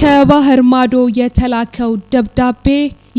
ከባህር ማዶ የተላከው ደብዳቤ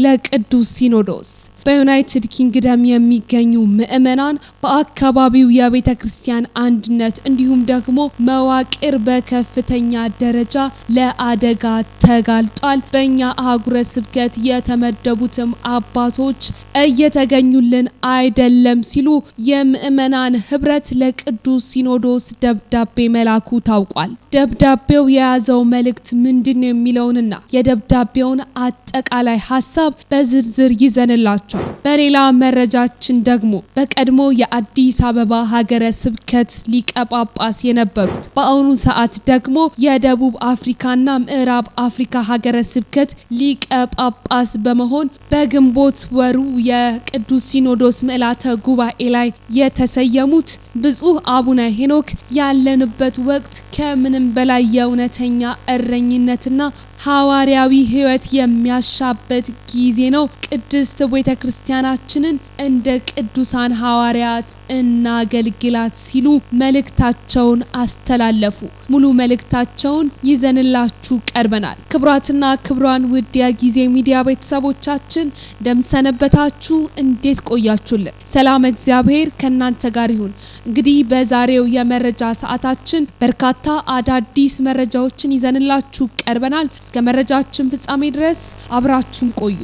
ለቅዱስ ሲኖዶስ በዩናይትድ ኪንግደም የሚገኙ ምዕመናን በአካባቢው የቤተ ክርስቲያን አንድነት እንዲሁም ደግሞ መዋቅር በከፍተኛ ደረጃ ለአደጋ ተጋልጧል። በእኛ አህጉረ ስብከት የተመደቡትም አባቶች እየተገኙልን አይደለም ሲሉ የምዕመናን ህብረት ለቅዱስ ሲኖዶስ ደብዳቤ መላኩ ታውቋል። ደብዳቤው የያዘው መልእክት ምንድን ነው የሚለውንና የደብዳቤውን አጠቃላይ ሀሳብ በዝርዝር ይዘንላችሁ ይሆንላችሁ። በሌላ መረጃችን ደግሞ በቀድሞ የአዲስ አበባ ሀገረ ስብከት ሊቀ ጳጳስ የነበሩት በአሁኑ ሰዓት ደግሞ የደቡብ አፍሪካና ምዕራብ አፍሪካ ሀገረ ስብከት ሊቀ ጳጳስ በመሆን በግንቦት ወሩ የቅዱስ ሲኖዶስ ምዕላተ ጉባኤ ላይ የተሰየሙት ብፁዕ አቡነ ሄኖክ ያለንበት ወቅት ከምንም በላይ የእውነተኛ እረኝነትና ሐዋርያዊ ሕይወት የሚያሻበት ጊዜ ነው። ቅድስት ቤተ ክርስቲያናችንን እንደ ቅዱሳን ሐዋርያት እናገልግላት ሲሉ መልእክታቸውን አስተላለፉ። ሙሉ መልእክታቸውን ይዘንላችሁ ቀርበናል። ክብራትና ክብሯን ውዲያ ጊዜ ሚዲያ ቤተሰቦቻችን እንደምሰነበታችሁ፣ እንዴት ቆያችሁልን? ሰላም እግዚአብሔር ከእናንተ ጋር ይሁን። እንግዲህ በዛሬው የመረጃ ሰዓታችን በርካታ አዳዲስ መረጃዎችን ይዘንላችሁ ቀርበናል። እስከ መረጃችን ፍጻሜ ድረስ አብራችሁን ቆዩ።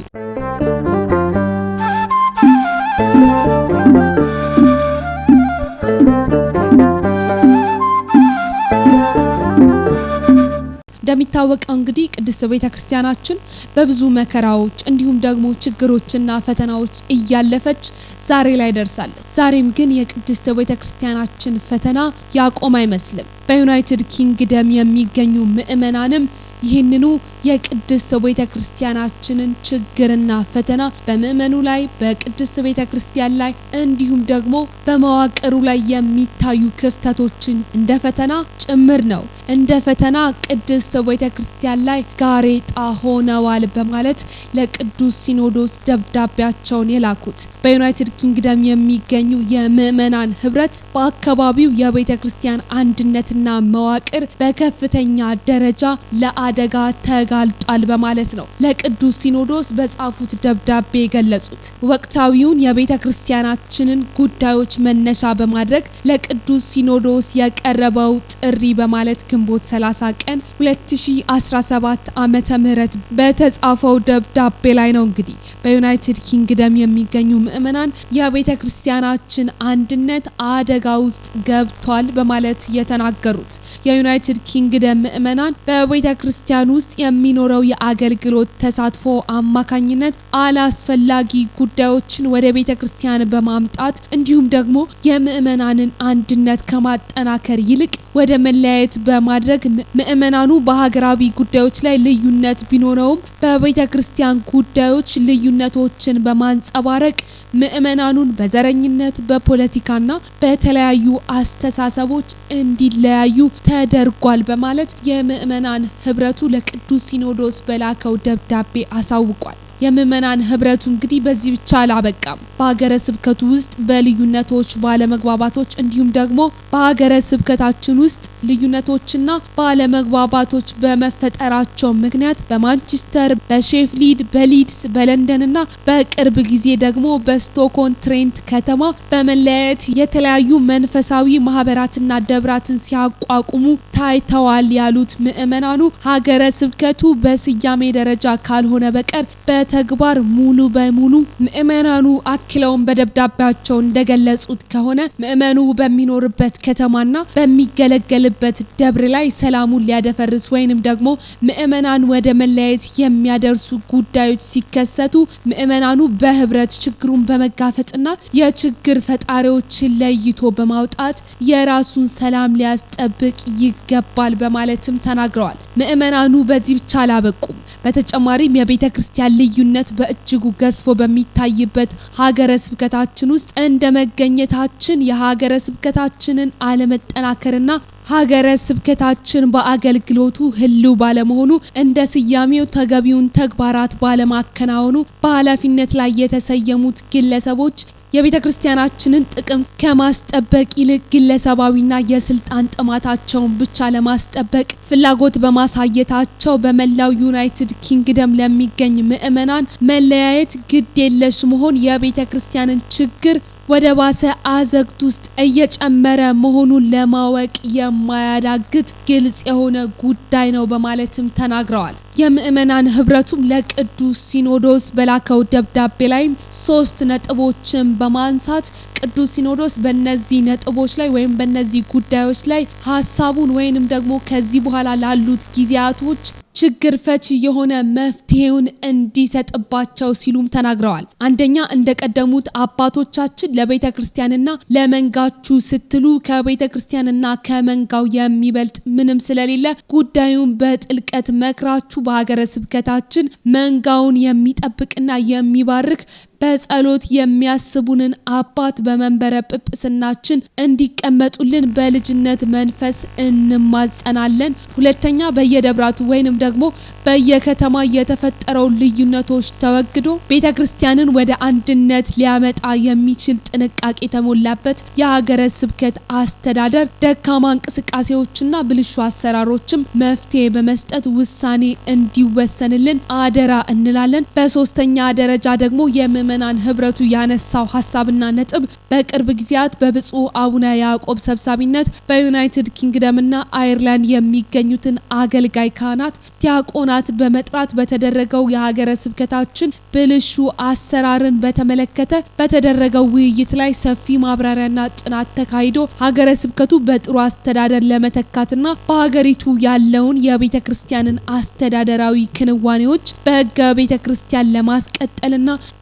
እንደሚታወቀው እንግዲህ ቅድስት ቤተ ክርስቲያናችን በብዙ መከራዎች እንዲሁም ደግሞ ችግሮችና ፈተናዎች እያለፈች ዛሬ ላይ ደርሳለች። ዛሬም ግን የቅድስት ቤተ ክርስቲያናችን ፈተና ያቆም አይመስልም። በዩናይትድ ኪንግደም የሚገኙ ምዕመናንም ይህንኑ የቅድስት ቤተ ክርስቲያናችንን ችግርና ፈተና በምእመኑ ላይ በቅድስት ቤተ ክርስቲያን ላይ እንዲሁም ደግሞ በመዋቅሩ ላይ የሚታዩ ክፍተቶችን እንደ ፈተና ጭምር ነው እንደ ፈተና ቅድስት ቤተ ክርስቲያን ላይ ጋሬጣ ሆነዋል በማለት ለቅዱስ ሲኖዶስ ደብዳቤያቸውን የላኩት በዩናይትድ ኪንግደም የሚገኙ የምእመናን ህብረት በአካባቢው የቤተ ክርስቲያን አንድነትና መዋቅር በከፍተኛ ደረጃ ለአ አደጋ ተጋልጧል በማለት ነው ለቅዱስ ሲኖዶስ በጻፉት ደብዳቤ የገለጹት። ወቅታዊውን የቤተ ክርስቲያናችንን ጉዳዮች መነሻ በማድረግ ለቅዱስ ሲኖዶስ የቀረበው ጥሪ በማለት ግንቦት 30 ቀን 2017 ዓ ም በተጻፈው ደብዳቤ ላይ ነው እንግዲህ በዩናይትድ ኪንግደም የሚገኙ ምዕመናን የቤተ ክርስቲያናችን አንድነት አደጋ ውስጥ ገብቷል በማለት የተናገሩት የዩናይትድ ኪንግደም ምዕመናን በቤተ ክርስቲያን ውስጥ የሚኖረው የአገልግሎት ተሳትፎ አማካኝነት አላስፈላጊ ጉዳዮችን ወደ ቤተ ክርስቲያን በማምጣት እንዲሁም ደግሞ የምእመናንን አንድነት ከማጠናከር ይልቅ ወደ መለያየት በማድረግ ምእመናኑ በሀገራዊ ጉዳዮች ላይ ልዩነት ቢኖረውም በቤተ ክርስቲያን ጉዳዮች ልዩነቶችን በማንጸባረቅ ምዕመናኑን በዘረኝነት በፖለቲካና በተለያዩ አስተሳሰቦች እንዲለያዩ ተደርጓል በማለት የምዕመናን ህብረቱ ለቅዱስ ሲኖዶስ በላከው ደብዳቤ አሳውቋል። የምእመናን ህብረቱ እንግዲህ በዚህ ብቻ አላበቃም። በሀገረ ስብከቱ ውስጥ በልዩነቶች ባለመግባባቶች፣ እንዲሁም ደግሞ በሀገረ ስብከታችን ውስጥ ልዩነቶችና ባለመግባባቶች በመፈጠራቸው ምክንያት በማንቸስተር፣ በሼፍሊድ፣ በሊድስ፣ በለንደንና በቅርብ ጊዜ ደግሞ በስቶኮን ትሬንት ከተማ በመለያየት የተለያዩ መንፈሳዊ ማህበራትና ደብራትን ሲያቋቁሙ ታይተዋል ያሉት ምዕመናኑ ሀገረ ስብከቱ በስያሜ ደረጃ ካልሆነ በቀር በ በተግባር ሙሉ በሙሉ ምእመናኑ አክለውን በደብዳቤያቸው እንደገለጹት ከሆነ ምእመኑ በሚኖርበት ከተማና በሚገለገልበት ደብር ላይ ሰላሙን ሊያደፈርስ ወይንም ደግሞ ምዕመናን ወደ መለያየት የሚያደርሱ ጉዳዮች ሲከሰቱ ምእመናኑ በህብረት ችግሩን በመጋፈጥና የችግር ፈጣሪዎችን ለይቶ በማውጣት የራሱን ሰላም ሊያስጠብቅ ይገባል በማለትም ተናግረዋል። ምእመናኑ በዚህ ብቻ አላበቁም። በተጨማሪም የቤተ ክርስቲያን ልዩ ልዩነት በእጅጉ ገዝፎ በሚታይበት ሀገረ ስብከታችን ውስጥ እንደ መገኘታችን የሀገረ ስብከታችንን አለመጠናከርና ሀገረ ስብከታችን በአገልግሎቱ ህልው ባለመሆኑ እንደ ስያሜው ተገቢውን ተግባራት ባለማከናወኑ በኃላፊነት ላይ የተሰየሙት ግለሰቦች የቤተ ክርስቲያናችንን ጥቅም ከማስጠበቅ ይልቅ ግለሰባዊና የስልጣን ጥማታቸውን ብቻ ለማስጠበቅ ፍላጎት በማሳየታቸው በመላው ዩናይትድ ኪንግደም ለሚገኝ ምዕመናን መለያየት፣ ግድ የለሽ መሆን የቤተ ክርስቲያንን ችግር ወደ ባሰ አዘግት ውስጥ እየጨመረ መሆኑን ለማወቅ የማያዳግት ግልጽ የሆነ ጉዳይ ነው በማለትም ተናግረዋል። የምእመናን ህብረቱም ለቅዱስ ሲኖዶስ በላከው ደብዳቤ ላይም ሶስት ነጥቦችን በማንሳት ቅዱስ ሲኖዶስ በነዚህ ነጥቦች ላይ ወይም በነዚህ ጉዳዮች ላይ ሀሳቡን ወይንም ደግሞ ከዚህ በኋላ ላሉት ጊዜያቶች ችግር ፈቺ የሆነ መፍትሄውን እንዲሰጥባቸው ሲሉም ተናግረዋል። አንደኛ እንደቀደሙት አባቶቻችን ለቤተ ክርስቲያንና ለመንጋችሁ ስትሉ ከቤተ ክርስቲያንና ከመንጋው የሚበልጥ ምንም ስለሌለ ጉዳዩን በጥልቀት መክራችሁ በሀገረ ስብከታችን መንጋውን የሚጠብቅና የሚባርክ በጸሎት የሚያስቡንን አባት በመንበረ ጵጵስናችን እንዲቀመጡልን በልጅነት መንፈስ እንማጸናለን። ሁለተኛ በየደብራቱ ወይንም ደግሞ በየከተማ የተፈጠረው ልዩነቶች ተወግዶ ቤተ ክርስቲያንን ወደ አንድነት ሊያመጣ የሚችል ጥንቃቄ የተሞላበት የሀገረ ስብከት አስተዳደር ደካማ እንቅስቃሴዎችና ብልሹ አሰራሮችም መፍትሄ በመስጠት ውሳኔ እንዲወሰንልን አደራ እንላለን። በሶስተኛ ደረጃ ደግሞ የምን ምእመናን ህብረቱ ያነሳው ሀሳብና ነጥብ በቅርብ ጊዜያት በብፁዕ አቡነ ያዕቆብ ሰብሳቢነት በዩናይትድ ኪንግደምና አይርላንድ የሚገኙትን አገልጋይ ካህናት፣ ዲያቆናት በመጥራት በተደረገው የሀገረ ስብከታችን ብልሹ አሰራርን በተመለከተ በተደረገው ውይይት ላይ ሰፊ ማብራሪያና ጥናት ተካሂዶ ሀገረ ስብከቱ በጥሩ አስተዳደር ለመተካትና በሀገሪቱ ያለውን የቤተ ክርስቲያንን አስተዳደራዊ ክንዋኔዎች በህገ ቤተ ክርስቲያን ለማስቀጠልና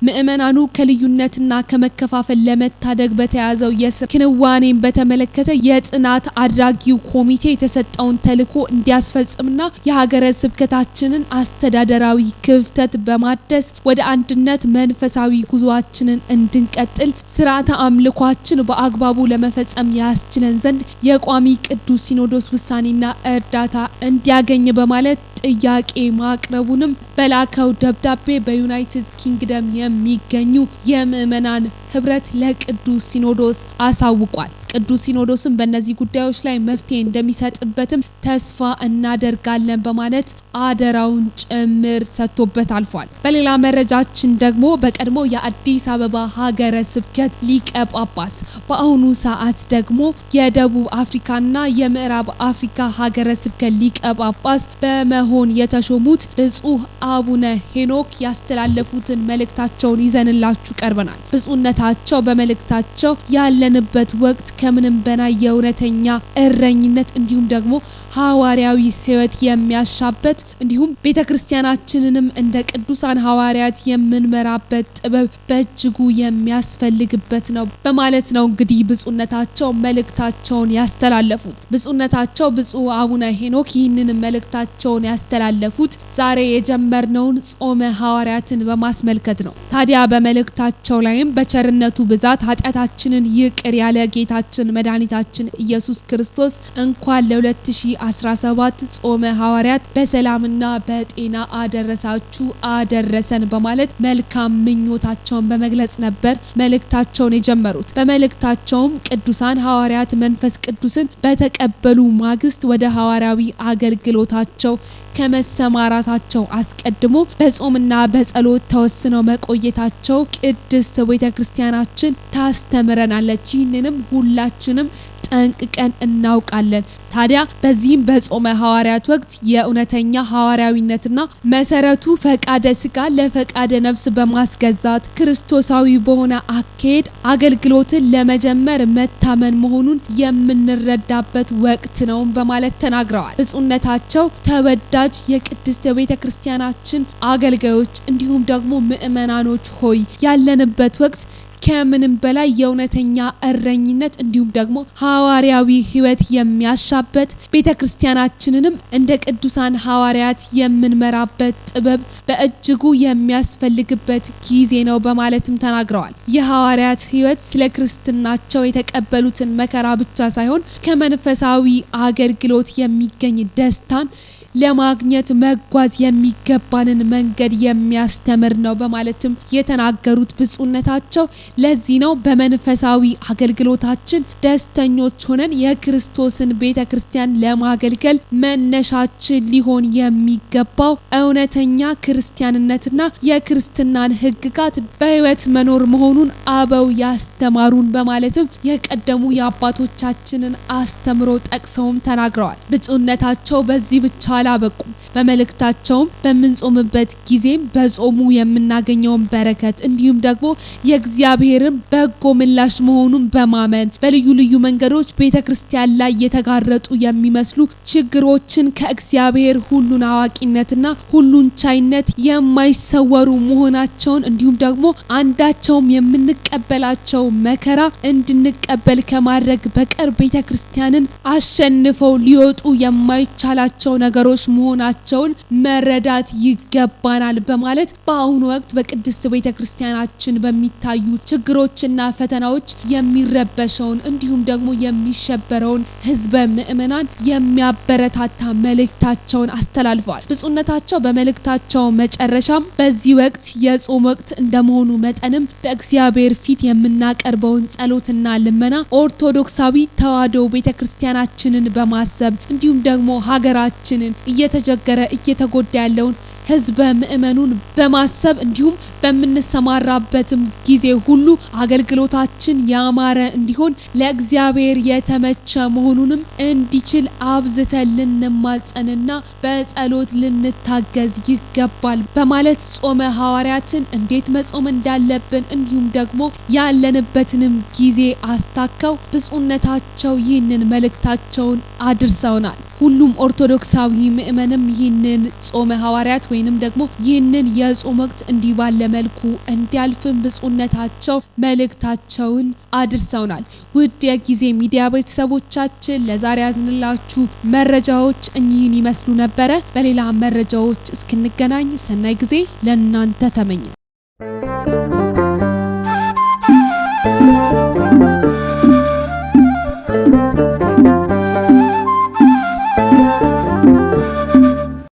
ምእመ ምዕመናኑ ከልዩነትና ከመከፋፈል ለመታደግ በተያዘው የስር ክንዋኔን በተመለከተ የጽናት አድራጊው ኮሚቴ የተሰጠውን ተልዕኮ እንዲያስፈጽምና የሀገረ ስብከታችንን አስተዳደራዊ ክፍተት በማደስ ወደ አንድነት መንፈሳዊ ጉዞአችንን እንድንቀጥል ስርዓተ አምልኳችን በአግባቡ ለመፈጸም ያስችለን ዘንድ የቋሚ ቅዱስ ሲኖዶስ ውሳኔና እርዳታ እንዲያገኝ በማለት ጥያቄ ማቅረቡንም በላከው ደብዳቤ በዩናይትድ ኪንግደም የሚገኙ የምዕመናን ህብረት ለቅዱስ ሲኖዶስ አሳውቋል። ቅዱስ ሲኖዶስም በእነዚህ ጉዳዮች ላይ መፍትሄ እንደሚሰጥበትም ተስፋ እናደርጋለን በማለት አደራውን ጭምር ሰጥቶበት አልፏል። በሌላ መረጃችን ደግሞ በቀድሞ የአዲስ አበባ ሀገረ ስብከት ሊቀ ጳጳስ በአሁኑ ሰዓት ደግሞ የደቡብ አፍሪካና የምዕራብ አፍሪካ ሀገረ ስብከት ሊቀ ጳጳስ በመሆን የተሾሙት ብጹህ አቡነ ሄኖክ ያስተላለፉትን መልእክታቸውን ይዘንላችሁ ቀርበናል። ብፁዕነታቸው በመልእክታቸው ያለንበት ወቅት ከምንም በላይ የእውነተኛ እረኝነት እንዲሁም ደግሞ ሐዋርያዊ ህይወት የሚያሻበት እንዲሁም ቤተ ክርስቲያናችንንም እንደ ቅዱሳን ሐዋርያት የምንመራበት ጥበብ በእጅጉ የሚያስፈልግበት ነው በማለት ነው እንግዲህ ብፁዕነታቸው መልእክታቸውን ያስተላለፉት። ብፁዕነታቸው ብፁዕ አቡነ ሄኖክ ይህንን መልእክታቸውን ያስተላለፉት ዛሬ የጀመርነውን ጾመ ሐዋርያትን በማስመልከት ነው። ታዲያ በመልእክታቸው ላይም በቸርነቱ ብዛት ኃጢአታችንን ይቅር ያለ ጌታችን ጌታችን መድኃኒታችን ኢየሱስ ክርስቶስ እንኳን ለ2017 ጾመ ሐዋርያት በሰላምና በጤና አደረሳችሁ አደረሰን በማለት መልካም ምኞታቸውን በመግለጽ ነበር መልእክታቸውን የጀመሩት። በመልእክታቸውም ቅዱሳን ሐዋርያት መንፈስ ቅዱስን በተቀበሉ ማግስት ወደ ሐዋርያዊ አገልግሎታቸው ከመሰማራታቸው አስቀድሞ በጾምና በጸሎት ተወስነው መቆየታቸው ቅድስት ቤተ ክርስቲያናችን ታስተምረናለች። ይህንንም ሁላ ሁላችንም ጠንቅቀን እናውቃለን። ታዲያ በዚህም በጾመ ሐዋርያት ወቅት የእውነተኛ ሐዋርያዊነትና መሰረቱ ፈቃደ ስጋ ለፈቃደ ነፍስ በማስገዛት ክርስቶሳዊ በሆነ አካሄድ አገልግሎትን ለመጀመር መታመን መሆኑን የምንረዳበት ወቅት ነው በማለት ተናግረዋል። ብፁዕነታቸው ተወዳጅ የቅድስት ቤተ ክርስቲያናችን አገልጋዮች እንዲሁም ደግሞ ምእመናኖች ሆይ ያለንበት ወቅት ከምንም በላይ የእውነተኛ እረኝነት እንዲሁም ደግሞ ሐዋርያዊ ሕይወት የሚያሻበት ቤተ ክርስቲያናችንንም እንደ ቅዱሳን ሐዋርያት የምንመራበት ጥበብ በእጅጉ የሚያስፈልግበት ጊዜ ነው በማለትም ተናግረዋል። የሐዋርያት ሕይወት ስለ ክርስትናቸው የተቀበሉትን መከራ ብቻ ሳይሆን ከመንፈሳዊ አገልግሎት የሚገኝ ደስታን ለማግኘት መጓዝ የሚገባንን መንገድ የሚያስተምር ነው በማለትም የተናገሩት ብፁዕነታቸው ለዚህ ነው በመንፈሳዊ አገልግሎታችን ደስተኞች ሆነን የክርስቶስን ቤተ ክርስቲያን ለማገልገል መነሻችን ሊሆን የሚገባው እውነተኛ ክርስቲያንነትና የክርስትናን ሕግጋት በሕይወት መኖር መሆኑን አበው ያስተማሩን በማለትም የቀደሙ የአባቶቻችንን አስተምሮ ጠቅሰውም ተናግረዋል። ብፁዕነታቸው በዚህ ብቻ አላበቁም። በመልእክታቸውም በምንጾምበት ጊዜም በጾሙ የምናገኘውን በረከት እንዲሁም ደግሞ የእግዚአብሔርን በጎ ምላሽ መሆኑን በማመን በልዩ ልዩ መንገዶች ቤተ ክርስቲያን ላይ የተጋረጡ የሚመስሉ ችግሮችን ከእግዚአብሔር ሁሉን አዋቂነትና ሁሉን ቻይነት የማይሰወሩ መሆናቸውን እንዲሁም ደግሞ አንዳቸውም የምንቀበላቸው መከራ እንድንቀበል ከማድረግ በቀር ቤተ ክርስቲያንን አሸንፈው ሊወጡ የማይቻላቸው ነገሮች ተማሪዎች መሆናቸውን መረዳት ይገባናል በማለት በአሁኑ ወቅት በቅድስት ቤተ ክርስቲያናችን በሚታዩ ችግሮችና ፈተናዎች የሚረበሸውን እንዲሁም ደግሞ የሚሸበረውን ህዝበ ምእመናን የሚያበረታታ መልእክታቸውን አስተላልፈዋል። ብፁዕነታቸው በመልእክታቸው መጨረሻም በዚህ ወቅት የጾም ወቅት እንደመሆኑ መጠንም በእግዚአብሔር ፊት የምናቀርበውን ጸሎትና ልመና ኦርቶዶክሳዊ ተዋሕዶ ቤተ ክርስቲያናችንን በማሰብ እንዲሁም ደግሞ ሀገራችንን እየተቸገረ እየተጎዳ ያለውን ህዝበ ምእመኑን በማሰብ እንዲሁም በምንሰማራበትም ጊዜ ሁሉ አገልግሎታችን ያማረ እንዲሆን ለእግዚአብሔር የተመቸ መሆኑንም እንዲችል አብዝተን ልንማጸንና በጸሎት ልንታገዝ ይገባል በማለት ጾመ ሐዋርያትን እንዴት መጾም እንዳለብን እንዲሁም ደግሞ ያለንበትንም ጊዜ አስታከው ብፁዕነታቸው ይህንን መልእክታቸውን አድርሰውናል። ሁሉም ኦርቶዶክሳዊ ምእመንም ይህንን ጾመ ሐዋርያት ወይንም ደግሞ ይህንን የጾም ወቅት እንዲህ ባለ መልኩ እንዲያልፍም ብፁዕነታቸው መልእክታቸውን አድርሰውናል። ውድ የጊዜ ሚዲያ ቤተሰቦቻችን ለዛሬ ያዝንላችሁ መረጃዎች እኚህን ይመስሉ ነበረ። በሌላ መረጃዎች እስክንገናኝ ሰናይ ጊዜ ለእናንተ ተመኘ።